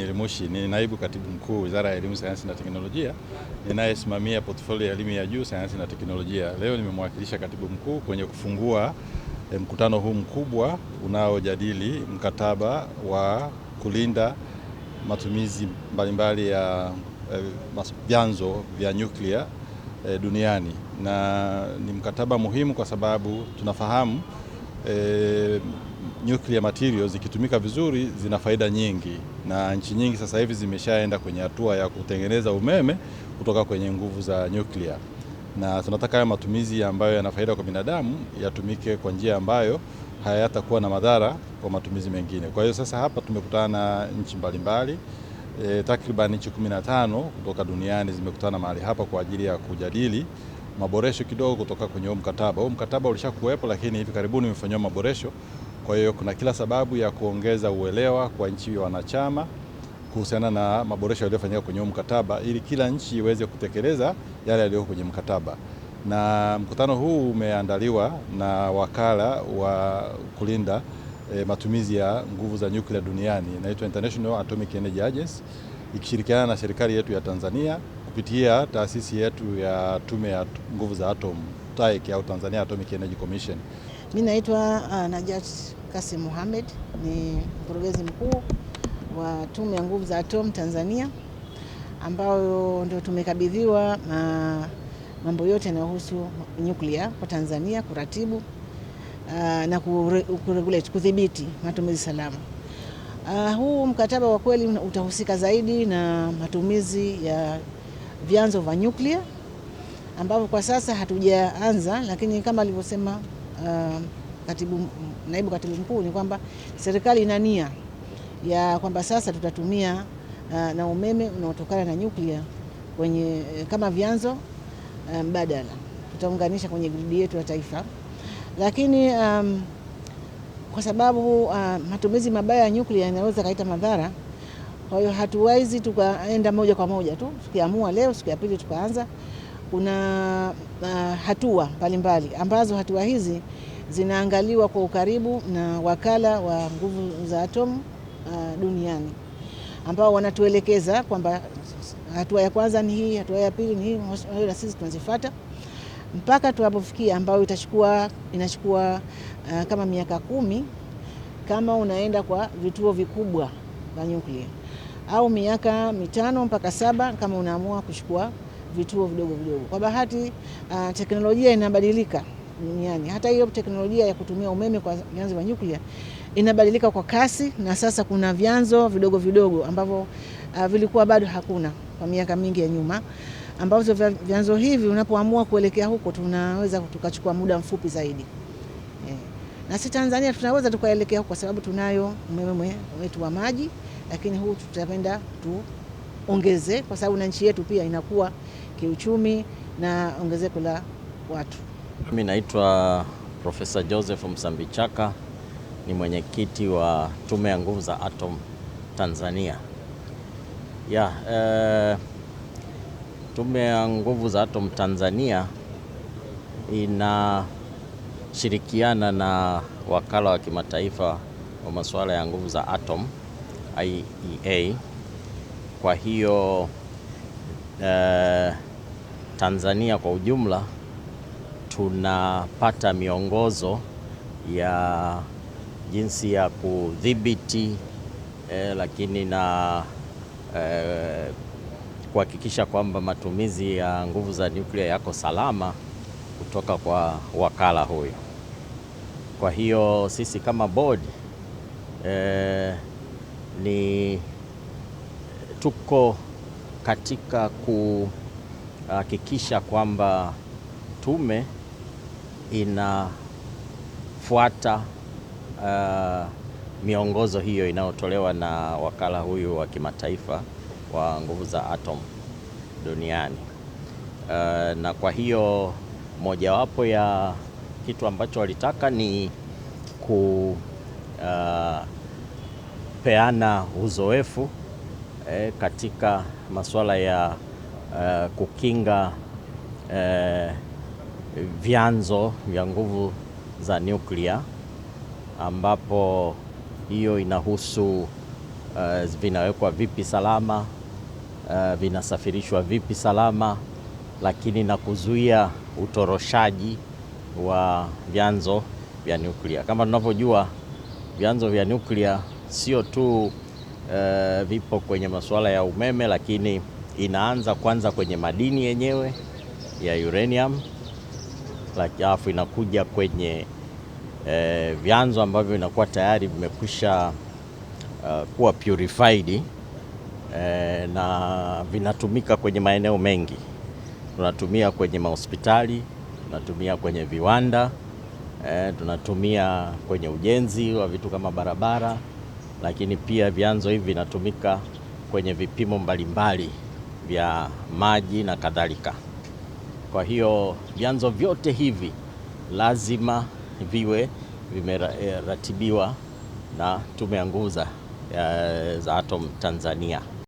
Nilimushi ni naibu katibu mkuu Wizara ya Elimu, Sayansi na Teknolojia ninayesimamia portfolio ya elimu ya juu, sayansi na teknolojia. Leo nimemwakilisha katibu mkuu kwenye kufungua eh, mkutano huu mkubwa unaojadili mkataba wa kulinda matumizi mbalimbali ya eh, vyanzo e, vya nyuklia e, duniani na ni mkataba muhimu kwa sababu tunafahamu e, nuclear materials zikitumika vizuri zina faida nyingi, na nchi nyingi sasa hivi zimeshaenda kwenye hatua ya kutengeneza umeme kutoka kwenye nguvu za nuclear, na tunataka haya matumizi ambayo yana faida kwa binadamu yatumike kwa njia ambayo hayatakuwa na madhara kwa matumizi mengine. Kwa hiyo sasa hapa tumekutana na nchi mbalimbali e, takriban nchi 15 kutoka duniani zimekutana mahali hapa kwa ajili ya kujadili maboresho kidogo kutoka kwenye huo mkataba. Huo mkataba ulishakuwepo, lakini hivi karibuni umefanywa maboresho kwa hiyo kuna kila sababu ya kuongeza uelewa kwa nchi wanachama kuhusiana na maboresho yaliyofanyika kwenye mkataba ili kila nchi iweze kutekeleza yale yaliyo kwenye mkataba. Na mkutano huu umeandaliwa na wakala wa kulinda e, matumizi ya nguvu za nyuklia duniani inaitwa International Atomic Energy Agency ikishirikiana na serikali yetu ya Tanzania kupitia taasisi yetu ya Tume ya Nguvu za Atomu TAEC au Tanzania Atomic Energy Commission. Mimi naitwa uh, Najat Kasim Mohamed, ni mkurugenzi mkuu wa Tume ya Nguvu za Atomu Tanzania, ambayo ndio tumekabidhiwa uh, mambo yote yanayohusu nyuklia kwa Tanzania kuratibu uh, na kuregulate, kudhibiti matumizi salama. Uh, huu mkataba wa kweli utahusika zaidi na matumizi ya vyanzo vya nyuklia ambavyo kwa sasa hatujaanza, lakini kama alivyosema uh, katibu, naibu katibu mkuu ni kwamba serikali ina nia ya kwamba sasa tutatumia uh, na umeme unaotokana na nyuklia kwenye eh, kama vyanzo eh, mbadala um, tutaunganisha kwenye gridi yetu ya taifa, lakini um, kwa sababu uh, matumizi mabaya ya nyuklia yanaweza kaita madhara kwa hiyo hatuwezi tukaenda moja kwa moja tu, tukiamua leo siku ya pili tukaanza. Kuna uh, hatua mbalimbali ambazo hatua hizi zinaangaliwa kwa ukaribu na wakala wa nguvu za atomu uh, duniani ambao wanatuelekeza kwamba hatua ya kwanza ni hii, hatua ya pili ni hii, na sisi tunazifuata mpaka tunapofikia ambayo itachukua inachukua uh, kama miaka kumi kama unaenda kwa vituo vikubwa vya nyuklia au miaka mitano mpaka saba kama unaamua kuchukua vituo vidogo vidogo. Kwa bahati uh, teknolojia inabadilika duniani. Hata hiyo teknolojia ya kutumia umeme kwa vyanzo vya nyuklia inabadilika kwa kasi, na sasa kuna vyanzo vidogo vidogo ambavyo uh, vilikuwa bado hakuna kwa miaka mingi ya nyuma, ambavyo vyanzo hivi unapoamua kuelekea huko tunaweza tukachukua muda mfupi zaidi eh. Na si Tanzania tunaweza tukaelekea huko kwa sababu tunayo umeme wetu wa maji lakini huu tutapenda tuongeze, kwa sababu na nchi yetu pia inakuwa kiuchumi na ongezeko la watu. Mimi naitwa Profesa Joseph Msambichaka, ni mwenyekiti wa Tume ya Nguvu za Atom Tanzania. Ya, eh, Tume ya Nguvu za Atom Tanzania inashirikiana na wakala wa kimataifa wa masuala ya nguvu za atom IEA. Kwa hiyo uh, Tanzania kwa ujumla tunapata miongozo ya jinsi ya kudhibiti eh, lakini na eh, kuhakikisha kwamba matumizi ya nguvu za nyuklia yako salama kutoka kwa wakala huyo. Kwa hiyo sisi kama board eh, ni tuko katika kuhakikisha ah, kwamba tume inafuata uh, miongozo hiyo inayotolewa na wakala huyu wa kimataifa wa nguvu za atom duniani. Uh, na kwa hiyo mojawapo ya kitu ambacho walitaka ni ku uh, kupeana uzoefu e, katika masuala ya e, kukinga e, vyanzo vya nguvu za nyuklia ambapo hiyo inahusu uh, vinawekwa vipi salama uh, vinasafirishwa vipi salama, lakini na kuzuia utoroshaji wa vyanzo vya nyuklia. Kama tunavyojua vyanzo vya nyuklia sio tu uh, vipo kwenye masuala ya umeme, lakini inaanza kwanza kwenye madini yenyewe ya uranium, alafu inakuja kwenye uh, vyanzo ambavyo inakuwa tayari vimekwisha uh, kuwa purified uh, na vinatumika kwenye maeneo mengi. Tunatumia kwenye mahospitali, tunatumia kwenye viwanda E, tunatumia kwenye ujenzi wa vitu kama barabara lakini pia vyanzo hivi vinatumika kwenye vipimo mbalimbali vya maji na kadhalika. Kwa hiyo vyanzo vyote hivi lazima viwe vimeratibiwa na Tume ya Nguvu za eh, Atom Tanzania.